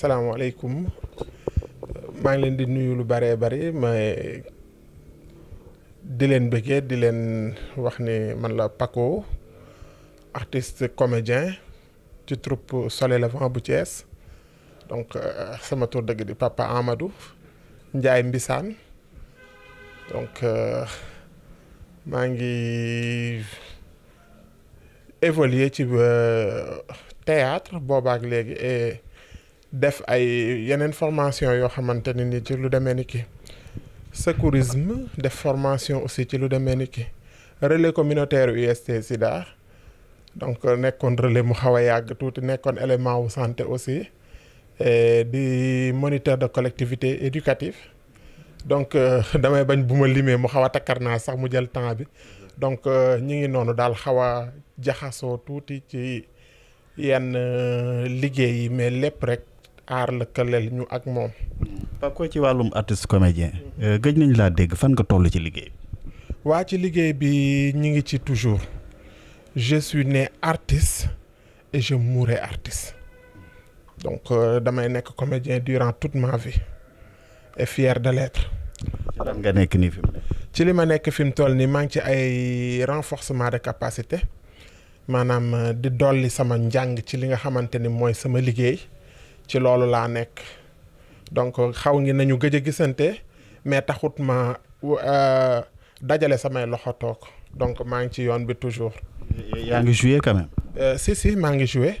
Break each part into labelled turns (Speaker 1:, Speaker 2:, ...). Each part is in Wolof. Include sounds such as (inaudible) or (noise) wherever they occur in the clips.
Speaker 1: asalaamaaleykum maa ngi leen di nuyu lu bëree bëri ma di leen bëggee di leen wax ni man la Paco artiste comédien ci troupe Soleil Levant bu Thiès donc euh, sama tur dëgg di papa Amadou Ndiaye Mbissane donc euh, maa ngi évoluer ci euh, théâtre boobaak léegi def ay yeneen formation yoo xamante ne ni ci lu demee ni ki secourisme def formation aussi ci lu demee ni ki relais communautaire UST Sida donc nekkoon relais mu xaw a yàgg tuuti nekkoon élément wu santé aussi di moniteur de collectivité éducative donc euh, (laughs) damay bañ bu ma limee mu xaw a takkar naa sax mu jël temps bi donc euh, ñi ngi noonu daal xaw a jaxasoo tuuti ci yenn euh, liggéey yi mais lépp rek aar lëkkaleel ak moom. ci wàllum artiste
Speaker 2: comédien. Euh, gëj nañ laa dégg fan nga toll ci liggéey bi.
Speaker 1: waa ci liggéey bi ñu ngi ci toujours je suis né artiste et je artiste donc euh, damay nekk comédien durant tout ma vie et fier de l'être.
Speaker 2: ci nga nekk nii
Speaker 1: ci li ma nekk fi mu toll nii maa ngi ci ay renforcement de capacité maanaam euh, di dolli sama njàng ci li nga xamante ni mooy sama liggéey. ci loolu laa nekk donc xaw ngi nañu gëj a gisante mais taxut ma euh, dajale samay loxo toog donc maa ngi ci yoon bi toujours. yaa ngi joué quand même. Euh, si maa ngi joué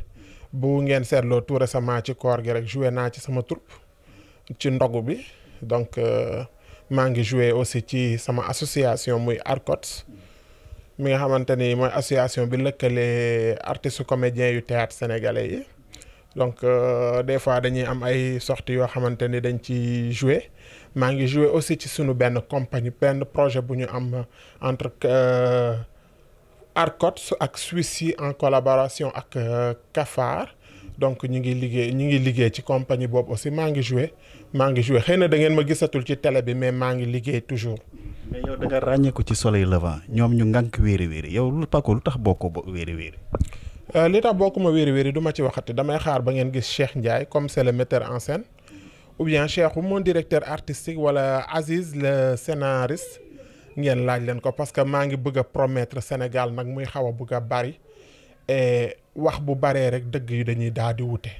Speaker 1: bu ngeen seetloo tout récemment ci koor gi rek joué naa ci sama troupe ci ndogu bi donc euh, maa ngi joué aussi ci sama association muy ARCOTS mi nga xamante ni mooy association bi lëkkale artistes comédiens yu théâtre sénégalais yi. donc euh, des fois dañuy am ay sorties yoo xamante ni dañ ci jouer maa ngi jouer aussi ci sunu benn compagnie benn projet bu ñu am entre euh, Arcots ak Suisse yi en collaboration ak euh, Cafar donc ñu ngi liggéey ñu ngi liggéey ci compagnie boobu aussi maa ngi jouer maa ngi jouer xëy na da ngeen ma gisatul ci tele bi mais maa ngi liggéey toujours.
Speaker 2: mais yow da ràññeeku ci soleil levant ñoom ñu ngànk wéeri wéeri yow lu Paco lu tax boo ko wéeri wéeri.
Speaker 1: Euh, li tax bokkuma wéri wéri du ma ci waxati damay xaar ba ngeen gis Cheikh Ndiaye comme c'est le en scène ou bien Cheikh mon directeur artistique wala Aziz le scénariste ngeen laaj leen ko parce que maa ngi bëgg a promettre Sénégal nag muy xaw a bëgg a bari et wax bu baree rek dëgg yi dañuy daal di wute.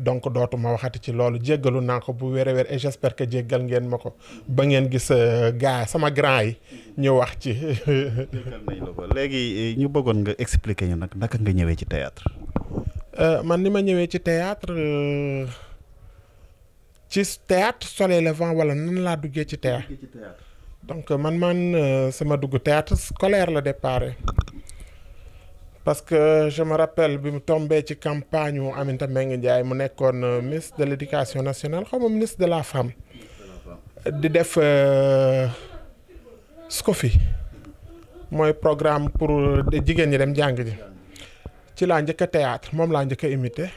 Speaker 1: donc dootuma waxati ci loolu jéggalu naa ko bu wér a wér et que jéggal ngeen ma ko ba ngeen gis euh, gaa sama grand yi ñu wax ci. léegi euh, ñu bëggoon nga expliquer ñu nag naka nga ñëwee ci théâtre euh, man ni ma ñëwee ci théâtre ci théâtre Soleil Levant wala nan laa duggee ci théâtre donc man man sama dugg théâtre scolaire la départ parce que je me rappelle bi mu tombee ci campagne wu Aminata Mbengue Ndiaye mu nekkoon euh, ministre de l' éducation nationale xaw ma ministre de la femme di def euh, SCOFI mooy programme pour euh, jigéen ñi dem jàng ji ci laa njëkk a théâtre moom laa njëkk a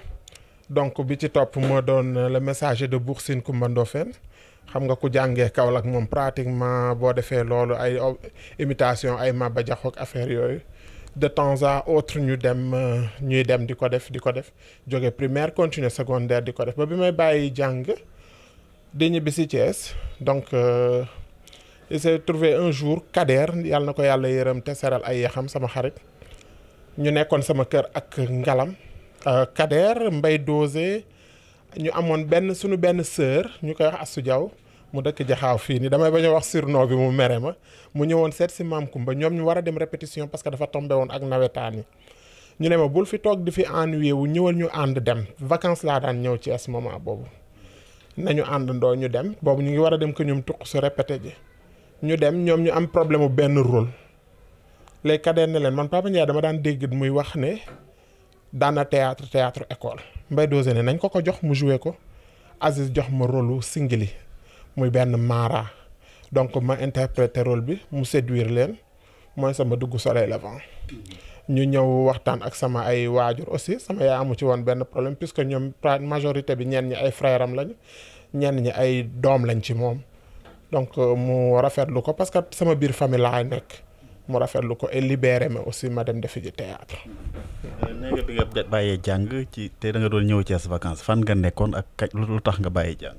Speaker 1: donc bi ci topp moo doon le messager de Bour Sine Coumba Ndoffène xam nga ku jàngee Kaolack moom pratiquement boo defee loolu ay oh, imitation ay Maba Diakhou ak affaire yooyu de temps à autre ñu dem euh, ñuy dem di ko def di ko def jóge primaire continuer secondaire di ko def ba bi may bàyyi jàng di ñibbi si Thiès donc euh, il s'est trouvé un jour Kader yàlla na ko yàlla yërëm te seral ay yaxam sama xarit ñu nekkoon sama kër ak ngalam euh, Kader Mbay Dosé ñu amoon benn suñu benn sœur ñu koy wax Astou Diaw mu dëkk jaxaaw fii ni damay bañ a wax surnom bi mu mere ma mu ñëwoon seet si maam Kumba ñoom ñu war a dem répétition parce que dafa tombé woon ak nawetaan yi ñu ne ma bul fi toog di fi ennuyé wu ñëwal ñu ànd dem vacances laa daan ñëw ci es boobu nañu ànd ndoo ñu dem boobu ñu ngi war a dem ko ñum tuq su répété ji ñu dem ñoom ñu am problème mu benn rôle les cadets ne leen man Papa Ndiaye dama daan dégg muy wax ne daana théâtre théâtre école Mbaye Dozé ne nañ ko ko jox mu joué ko Aziz jox ma rôle singili muy benn mara donc ma interpréter rôle bi mu séduire leen mooy sama dugg soleil levant ñu ñëw waxtaan ak sama ay waajur aussi sama amu ci woon benn problème puisque ñoom majorité bi ñenn ñi ay frère am ñenn ñi ay doom lañ ci moom donc euh, mu rafetlu ko parce que sama biir famille laa mu rafetlu ko et ma aussi ma dem defi ji théâtre
Speaker 2: euh, nee nga bi nga bàyyee jàng ci te da doon ñëw Thiès vacances fan nga nekkoon ak kañ lu tax nga bàyyee jàng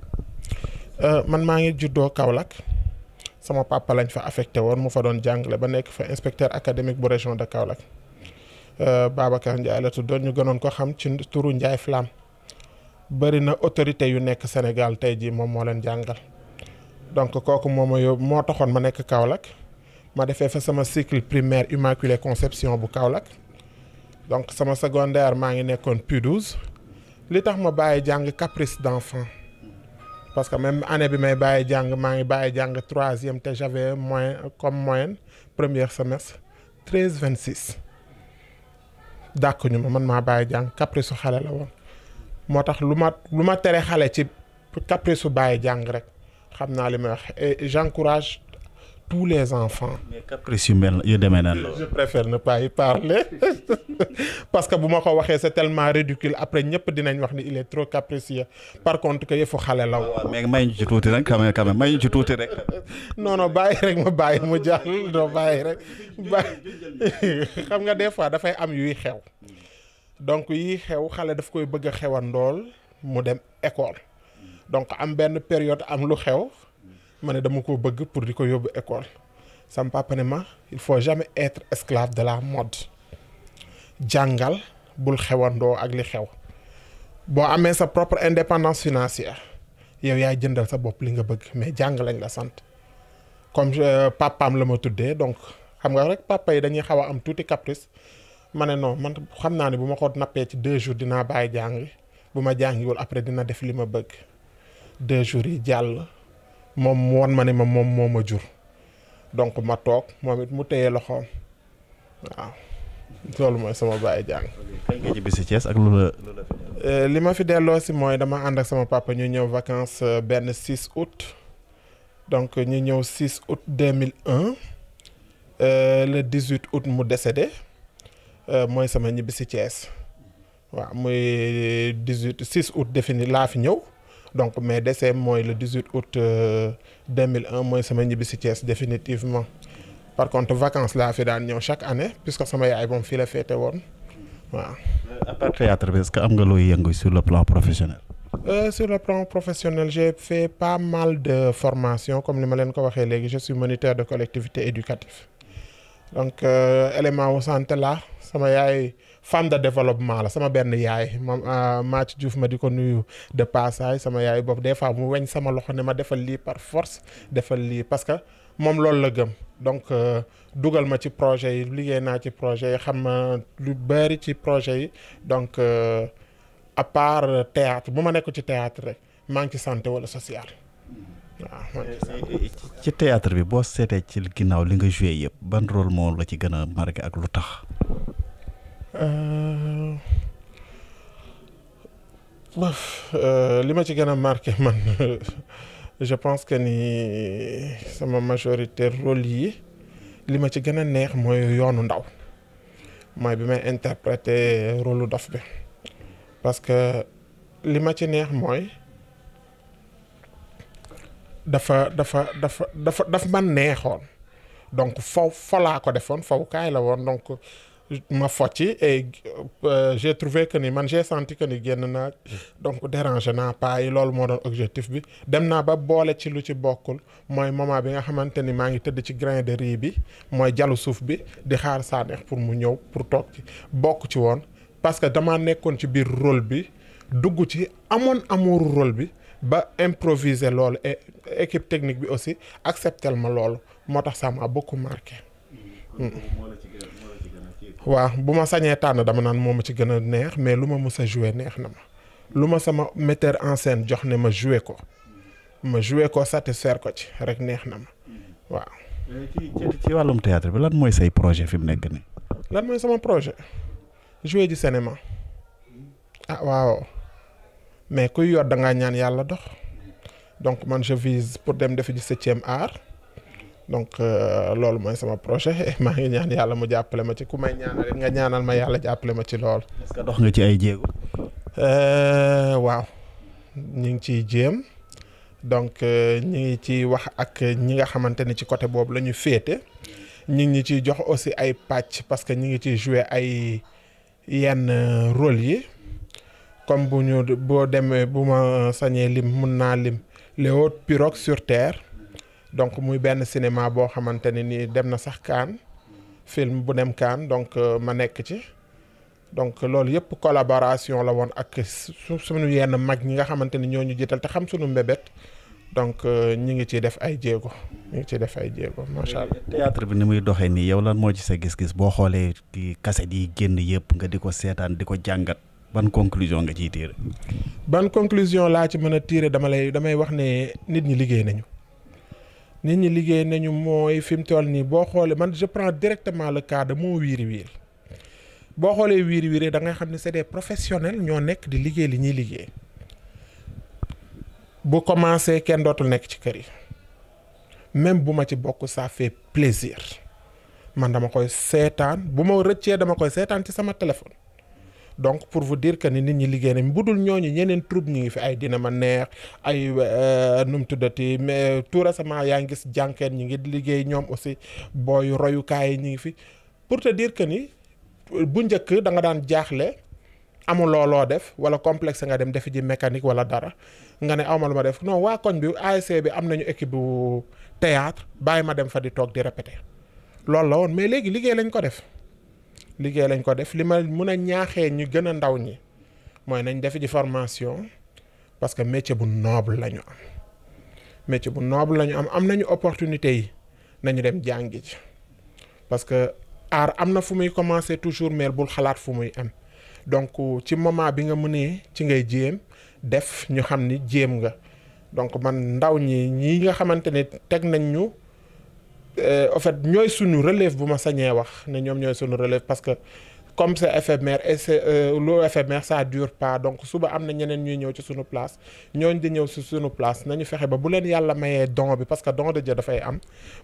Speaker 1: Euh, man maa ngi juddoo Kaolack sama papa lañ fa affecté woon mu fa doon jàngale ba nekk fa inspecteur académique bu région de Kaolack euh, Babacar Ndiaye la tuddoon ñu gënoon ko xam ci turu Ndiaye Flamme bëri na autorité yu nekk Sénégal tey jii moom moo leen jàngal donc kooku moom moo yób moo taxoon ma nekk Kaolack ma defee fa sama cycle primaire Immaculée Conception bu Kaolack donc sama secondaire maa ngi nekkoon P12 li tax ma bàyyi jàng caprice d'enfant parce que même année bi may bàyyi jàng maa ngi bàyyi jàng troisième te j'avais moyen comme moyenne première semestre treize vingt six dàkku ñu ma mën maa bàyyi jàng caprice su xale la woon moo tax lu ma lu ma tere xale ci caprice su bàyyi jàng rek xam naa li may wax et tous les enfants. mais
Speaker 2: caprice yu mel yu demee naan la.
Speaker 1: je préfère ne pas y (laughs) parce que bu ma ko waxee sa tellement ridicule après ñëpp dinañ wax ni il est trop capricieux par contre que yëfu xale la. waaw ah
Speaker 2: mais may ñu ci tuuti rek quand même quand même may ñu ci tuuti rek.
Speaker 1: (laughs) non non bàyyi rek ma bàyyi mu jàll doo bàyyi rek bàyyi xam nga des fois dafay am yuy xew donc yiy xew xale daf koy bëgg a ndool mu dem école donc am benn période am lu xew. ma ne dama ko bëgg pour di ko yóbbu école sam papa ne ma il faut jamais être esclave de la mode jàngal bul xewandoo ak li xew boo amee sa propre indépendance financière yow yaay jëndal sa bopp li nga bëgg mais jàng lañ la sant comme euh, papaam la ma tuddee donc xam nga rek papa yi dañuy xaw a am tuuti caprice ma ne non man xam naa ne bu ma ko nappee ci deux jours dinaa bàyyi jàng bu ma jàngiwul après dina def li ma bëgg deux jours yi jàll. moom mu wan ma ne ma moom moo ma jur donc ma toog moom it mu téye loxoom waaw loolu mooy sama baay jàng. kañ nga
Speaker 2: ñibbi si Thiès ak lu la
Speaker 1: euh, li ma fi delloo si mooy dama ànd ak sama papa ñu ñëw vacances euh, benn 6 août donc ñu ñëw mille un 2001 euh, le 18 août mu décédé mooy sama ñibbi si Thiès waaw muy 18 6 août défini laa fi ñëw. donc mais décès mooy le 18 août 2001 euh, mooy sama ñibbi si Thiès définitivement par contre vacances laa fi daan ñëw chaque année puisque sama yaay moom fii la féete woon waaw. Euh, à part
Speaker 2: théâtre bi que am nga looy yëngu sur le plan professionnel.
Speaker 1: Euh, sur le plan professionnel j'ai fait pas mal de formations comme ni ma leen ko waxee léegi je monitaire moniteur de collectivité éducative donc euh, élément wu santé la sama yaay. femme de développement la sama benn yaay ma euh, Mathieu Diouf ma di ko nuyu de passage sama yaay boobu des fois mu weñ sama loxo ne ma defal lii par force defal lii parce que moom loolu la gëm donc euh, dugal ma ci projet yi liggéey naa ci projet yi xam lu bari ci projet yi donc euh, à part théâtre bu ma nekk ci théâtre rek maa ci santé wala social
Speaker 2: waaw ci théâtre bi boo seetee ci ginnaaw li nga joué yëpp ban la ci gën a marqué ak lu tax
Speaker 1: Euh, euh, li ma ci gën a marqué (laughs) man je pense que ni sama majorité rôle yi li ma ci gën a neex mooy yoonu ndaw mooy bi may interpréter rôle lu dof bi parce que li ma ci neex mooy dafa dafa dafa dafa daf man neexoon donc faw fa laa ko defoon faw kaay la woon donc ma focci et euh, j'ai trouvé que man j'ai senti que ni génn naa donc dérangé naa pas loolu moo doon objectif bi dem naa ba boole ci lu ci bokkul mooy moment bi nga xamante ni maa ngi tëdd ci grain de bi mooy jalu suuf bi di xaar Sanekh pour mu ñëw pour toog ci bokk ci woon parce que damaa nekkoon ci biir rôle bi dugg ci amoon amouru rôle bi ba improviser loolu et équipe technique bi aussi acceptel ma loolu moo tax ça m'a beaucoup marqué. Mm-hmm. waaw bu ma sañee tànn dama naan moom ma ci gën a neex mais lu ma mës a joué neex na ma lu ma sama metteur en scène jox ne ma joué ko ma joué ko satisfaire ko ci rek neex na ma waaw. Euh,
Speaker 2: ci wàllum théâtre bi lan mooy say projet fi mu nekk nii.
Speaker 1: lan mooy sama projet joué ji cinéma ah waaw mais kuy yor da ngaa ñaan yàlla dox donc man je vise pour dem defi ji septième art. donc euh, loolu mooy sama projet (laughs) maa ngi ñaan yàlla mu jàppale ma ci ku may ñaanal nga ñaanal ma yàlla jàppale ma ci lool est que dox
Speaker 2: nga ci ay jéego.
Speaker 1: Euh, waaw ñu ngi ciy jéem donc euh, ñu ngi ciy wax ak ñi nga xamante ni ci côté boobu la ñu féete ñu ngi ciy jox aussi ay pàcc parce que ñu ngi ciy jouer ay yenn rôle yi comme bu ñu boo demee bu ma sañee lim mun naa lim les hautes pirogues sur terre. donc muy benn cinéma boo xamante ne ni dem na sax kaan film bu dem Cannes donc euh, ma nekk ci donc loolu yëpp collaboration la woon ak su suñu yenn mag ñi nga xamante ni ñoo ñu jiital te xam suñu mbébét donc euh, ñi ngi ciy def ay jéego ñi ngi ciy def ay jéego macha allah.
Speaker 2: théâtre bi ni muy doxee nii yow lan moo ci sa gis-gis boo xoolee ci kaset yi génn yëpp nga di ko seetaan di ko jàngat ban conclusion nga ciy tiire.
Speaker 1: ban conclusion laa ci mën a tiire dama lay damay wax ne nit ñi liggéey nañu. nit ñi liggéey nañu mooy fi mu toll nii boo xoolee man je prends directement la cas de moo wiiri wiiri boo xoolee wiiri wiiri da ngay xam ne c'est des professionnels ñoo nekk di liggéey li ñuy liggéey bu commencé kenn dootul nekk ci kër yi même bu ma ci bokk ça fait plaisir man dama koy seetaan bu ma rëccee dama koy seetaan ci sama téléphone. donc pour vous dire que ni nit ñi liggéey nañ bu dul ñooñu ñeneen troupe ñu ngi fi ay dina ma neex ay euh, nu mu tuddati mais tout récemment yaa ngi gis jànkeen ñi ngi liggéey ñoom aussi booy royukaay yi ñu ngi fi pour te dire que ni bu njëkk da nga daan jaaxle amuloo loo def wala complexe nga dem defi ji mécanique wala dara nga ne awma def non waa koñ bi ASC bi am nañu équipe bu théâtre bàyyi ma dem fa di toog di répéter loolu la woon mais léegi liggéey lañ ko def. liggéey lañ ko def li ma mun a ñaaxee ñu gën a ndaw ñi mooy nañ def di formation parce que métier bu noble la ñu am métier bu noble lañu am am nañu opportunité yi nañu dem jàngi ji parce que aar am na fu muy commencer toujours mais bul xalaat fu muy am donc ci moment bi nga mënee ci ngay jéem def ñu xam ni jéem nga donc man ndaw ñi ñi nga xamante ni teg nañ ñu Euh, en fait ñooy suñu relève bu ma sañee wax ne ñoom ñooy suñu relève parce que comme c'est éphémère et c'est euh, lu éphémère ça dure pas donc suba am na ñeneen ñuy ñëw ci suñu place ñooñ di ñëw ci sunu place nañu fexe ba bu leen yàlla mayee don bi parce que don de Dieu dafay am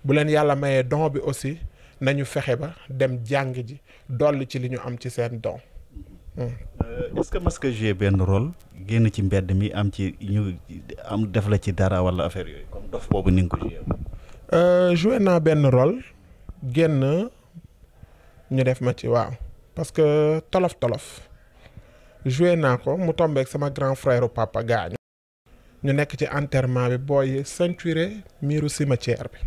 Speaker 1: bu leen yàlla mayee don bi aussi nañu fexe ba dem jàng ji dolli ci li ñu am ci seen don. Hmm.
Speaker 2: Euh, est-ce que mas nga joué benn rôle génn ci mbedd mi am ci ñu am def la ci dara wala affaire yooyu comme dof boobu ni nga ko joué
Speaker 1: Euh, joué naa benn rôle génn ñu def ma ci waaw parce que tolof tolof joué naa ko mu tombeek sama grand frère papa gaañu ñu nekk ci enterrement bi booy ceinturé miiru cimetière bi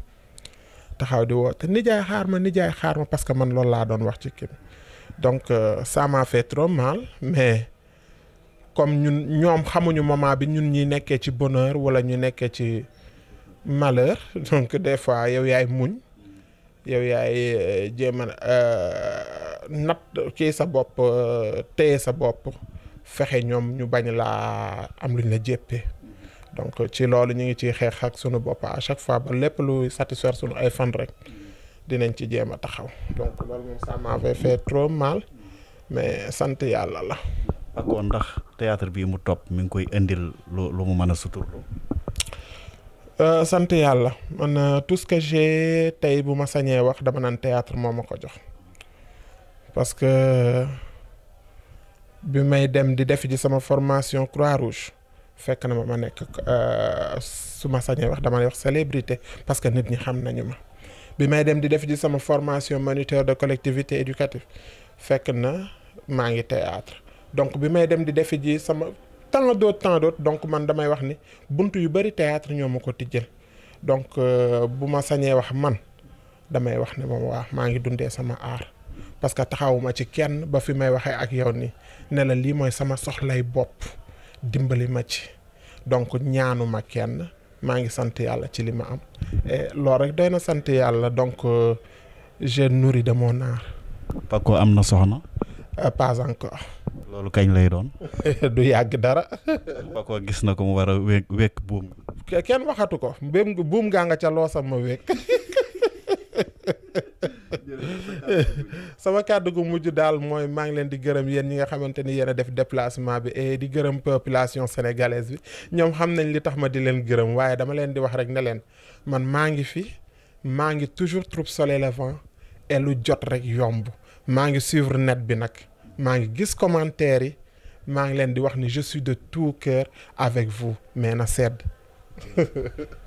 Speaker 1: taxaw di te nijaay xaar ma nijaay xaar ma parce que man loolu laa doon wax ci kii donc euh, ça m'a fait mais comme ñun ñoom xamuñu moment bi ñun ñuy nekkee ci bonheur wala ñu nekkee ci. malheur donc des fois yow yaay muñ yow yaay euh, jéem a euh, nat ci sa bopp euh, téye sa bopp fexe ñoom ñu bañ laa am luñ ne jéppee donc ci loolu ñu ngi ciy xeex ak sunu bopp à chaque fois ba lépp lu satisfaire sunu ay fan rek dinañ ci jéem a taxaw donc loolu moom ça m'avait fait trop mal mais sant yàlla la.
Speaker 2: Paco ndax théâtre bii mu topp mi ngi koy indil lu lu mu mën a suturlu.
Speaker 1: Euh, sant yàlla man euh, tout ce que j'ai tey bu ma sañee wax dama naan théâtre moo ma ko jox parce que euh, bi may dem di def ji sama formation Croix-Rouge fekk na ma ma nekk su ma sañee wax dama wax célébrité parce que nit ñi xam nañu ma bi may dem di def ji sama formation moniteur de collectivité éducative fekk na maa ngi théâtre donc bi may dem di def sama tant d'autres tant d'autres donc man damay wax ni bunt yu bëri théâtre ñoo ma ko tijjal donc euh, bu ma sañee wax man damay wax ne moom waa maa ngi dundee sama aar parce que taxawuma ci kenn ba fi may waxee ak yow nii ne la lii mooy sama soxlay bopp dimbali ma ci donc ñaanuma kenn maa ngi sant yàlla ci li ma am et loolu rek doy na sant yàlla donc euh, je nourris de mon art.
Speaker 2: am na soxna.
Speaker 1: Euh, pas encore.
Speaker 2: loolu kañ lay doon.
Speaker 1: (laughs) du yàgg dara.
Speaker 2: ba (laughs) ko gis na ko mu war a wékk wékk buum.
Speaker 1: kenn waxatu ko mbéem buum gaa nga ca loosam ma wékk. (laughs) sama kàddu gu mujj daal mooy maa ngi leen di gërëm yéen ñi nga xamante ni yéen a def déplacement bi et di gërëm population sénégalaise bi ñoom xam nañ li tax ma di leen gërëm waaye dama leen di wax rek ne leen man maa ngi fi maa ngi toujours Troupe Soleil Levant et lu jot rek yomb maa ngi suivre net bi nag. maa ngi gis commentaire yi maa ngi leen di wax ni je de tout cœur avec vous mais na sedd (laughs)